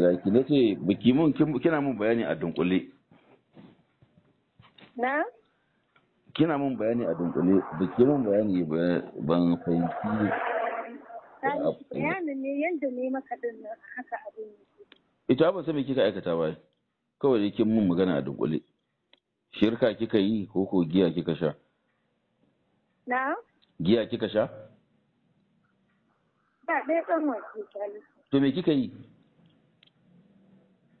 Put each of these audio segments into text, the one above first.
Zaki na ce baki mun kina mun bayani a dunkule. Na? Kina mun bayani a dunkule, baki mun bayani ban fahimci. Bayanin ne yanda ne maka din haka abin. Ita ba sai me kika aikata ba. Kawai kin mun magana a dunkule. Shirka kika yi ko ko giya kika sha? Na? Giya kika sha? Ba ɗaya ɗan waje To me kika yi?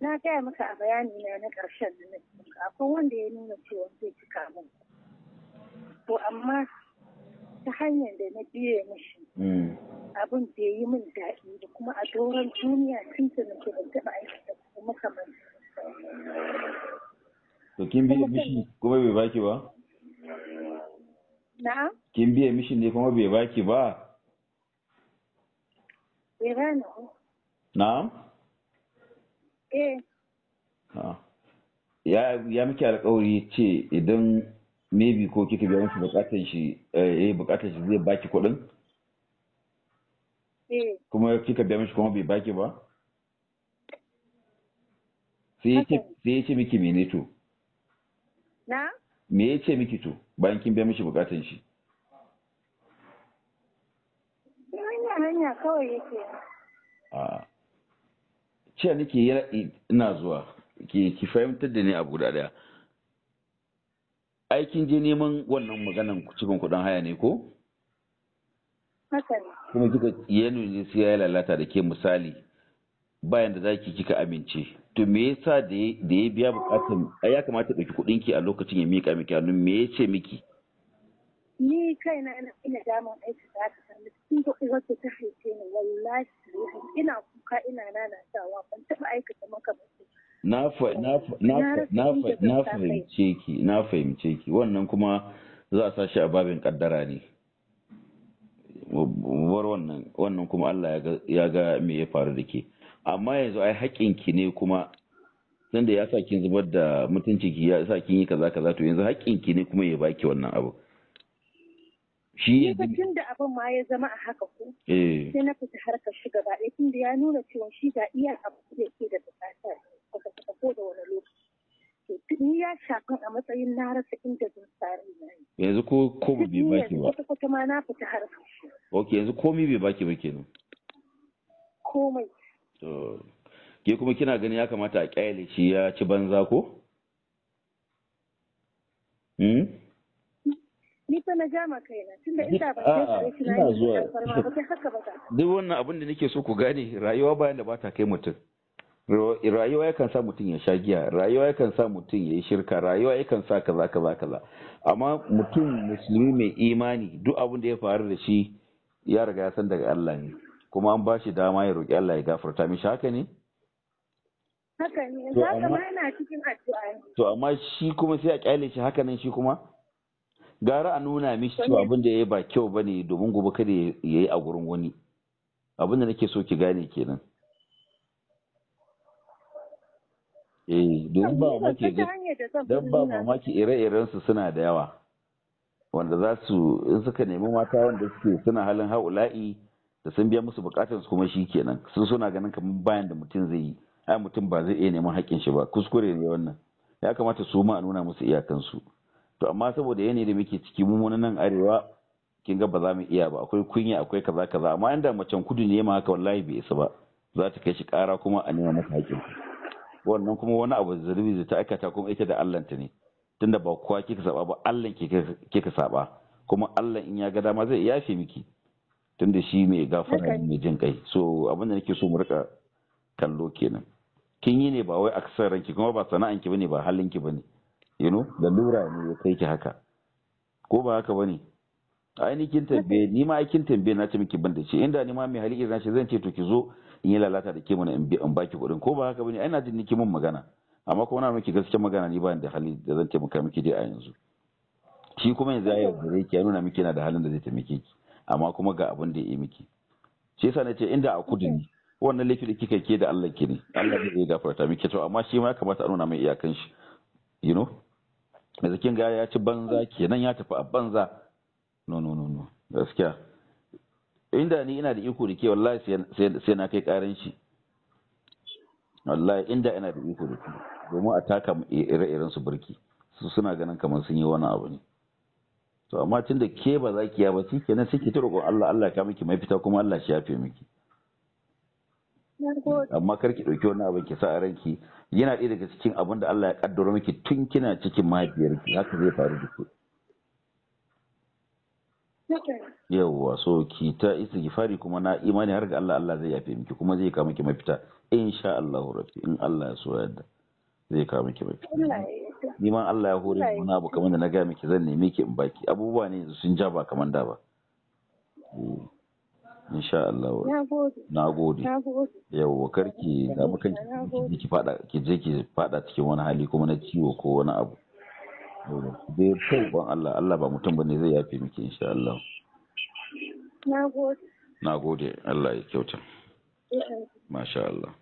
na gaya maka a bayani na na ƙarshen da na akwai wanda ya nuna cewa zai cika mun to amma ta hanyar da na biye mishi hmm. abin da ya yi min daɗi da kuma a doron duniya tun da na ke ban aiki da kuma kamar to kin biye mishi kuma bai baki ba na kin biye mishi ne kuma bai baki ba bai bani na'am Eh. ya ya miki alƙawari ce idan maybe ko kika biya masa bukatar shi eh, eh bukatar shi zai baki kuɗin eh. kuma kika biya mishi kuma bai baki ba sai ya ce miki mene to na me ya ce miki to bayan kin biya mishi bukatan shi hanya hanya kawai yake a ah. cewa nake ina zuwa ki fahimtar da ni abu guda daya aikin je neman wannan maganan cikin kudin haya ne ko kuma kika yanu ne sai ya lalata da ke misali bayan da zaki kika amince to me yasa da ya biya bukatun ya kamata ɗauki kuɗin ki a lokacin ya mika miki hannun me ya ce miki ni kaina ina ina damar aiki da aka sami cikin kuɗi wacce ta haife ni wallahi ina kuka ina nanatawa ban taɓa aikata maka ba na na fahimce ki na fahimce ki wannan kuma za a sashi a babin kaddara ne war wannan wannan kuma Allah ya ga me ya faru da ke amma yanzu ai haƙƙin ki ne kuma tunda ya sa kin zubar da mutunci ki ya sa kin yi kaza kaza to yanzu haƙƙin ki ne kuma ya baki wannan abu shi yanzu tun da abin ma ya zama a haka ko eh. sai na fita harkar shi gaba ɗaya tun da ya nuna cewa shi ga iya abu da ke da bukatar kwata kasa ko da wani lokaci to ni ya shafin a matsayin na rasa inda zan tsari na yanzu ko komi bai baki ba kwata-kwata ma na fita harkar shi ok yanzu komi bai baki ba kenan komai ke kuma kina ganin ya kamata a kyale shi ya ci banza ko? Hmm? ni fa na jama kaina tunda inda ba kai shi na yi ba haka ba duk wannan abin da nake so ku gane rayuwa bayan da ba ta kai mutum rayuwa yakan sa mutum ya sha giya rayuwa yakan sa mutum ya yi shirka rayuwa yakan sa kaza kaza kaza amma mutum musulmi mai imani duk abin da ya faru da shi ya riga ya san daga Allah ne kuma an ba shi dama ya roƙi Allah ya gafarta mishi haka ne haka ne haka ma yana cikin addu'a to amma shi kuma sai a kyale shi haka nan shi kuma gara a nuna mishi cewa abin da ya yi ba kyau ba ne domin gobe kada ya yi a gurin wani abin da nake so ki gane kenan eh domin ba mamaki don ba mamaki ire-iren su suna da yawa wanda za su in suka nemi mata wanda suke suna halin haula'i da sun biya musu bukatun su kuma shi kenan sun suna ganin kamar bayan da mutum zai yi ai mutum ba zai iya neman haƙƙin shi ba kuskure ne wannan ya kamata su ma a nuna musu iyakansu. to amma saboda yanayi da muke ciki mu nan arewa kin ga ba za mu iya ba akwai kunya akwai kaza kaza amma inda macen kudu ne ma haka wallahi bai isa ba za ta kai shi kara kuma a nema maka hakin wannan kuma wani abu da zalimi da ta aikata kuma ita da Allah ta ne tunda ba kowa kika saba ba Allah kika saba kuma Allah in ya ga dama zai yafe miki tunda shi mai gafara ne mai jin kai so abin da nake so mu rika kallo kenan kin yi ne ba wai aksaranki kuma ba sana'anki bane ba halinki bane you know lura ne ya kai ki haka ko ba haka bane ainihin tambaye ni ma aikin tambaye na ce miki ban da shi inda ni ma mai hali irin ce zan ce to ki zo in yi lalata da ke mana in baki kuɗin ko ba haka bane ai na jin niki mun magana amma kuma na miki gaskiyar magana ni ba da hali da zan taimaka miki dai a yanzu shi kuma yanzu ya yaudare ki ya nuna miki yana da halin da zai taimake ki amma kuma ga abin da ya yi miki shi yasa na ce inda a kudu ne wannan laifi da kika ke da Allah ki ne Allah zai gafarta miki to amma shi ma ya kamata a nuna mai iyakan shi you know Mai kin gaya ya ci banza kenan ya tafi a banza no no no no gaskiya inda ni ina da iko da ke wallahi sai na kai karin shi wallahi inda ina da iko da ke domin a taka ire-iren su burki su suna ganin kamar sun yi wani abu ne to amma tun da ke ba za ki ya ba shikenan sai ki ta roƙon Allah Allah ya ki miki fita kuma Allah shi ya fi miki amma kar ki ɗauki wannan abin ki sa a ranki yana ɗaya daga cikin abin da Allah ya kaddara miki tun kina cikin mahaifiyarki haka zai faru da ku yawwa so ki ta fari kuma na imani har ga Allah Allah zai yafe miki kuma zai kawo miki mafita insha Allah rabbi in Allah ya so yadda zai kawo miki mafita ni ma Allah ya hore mu na abu kamar da na ga miki zan nemi ki in baki abubuwa ne sun ja ba kamar da ba eh. insha Allah na gode yawwa karki da mukan ki fada ki je ki fada cikin wani hali kuma na ciwo ko wani abu dai kai ban Allah Allah ba mutum bane zai yafe miki insha Allah na gode na gode Allah ya kyauta masha Allah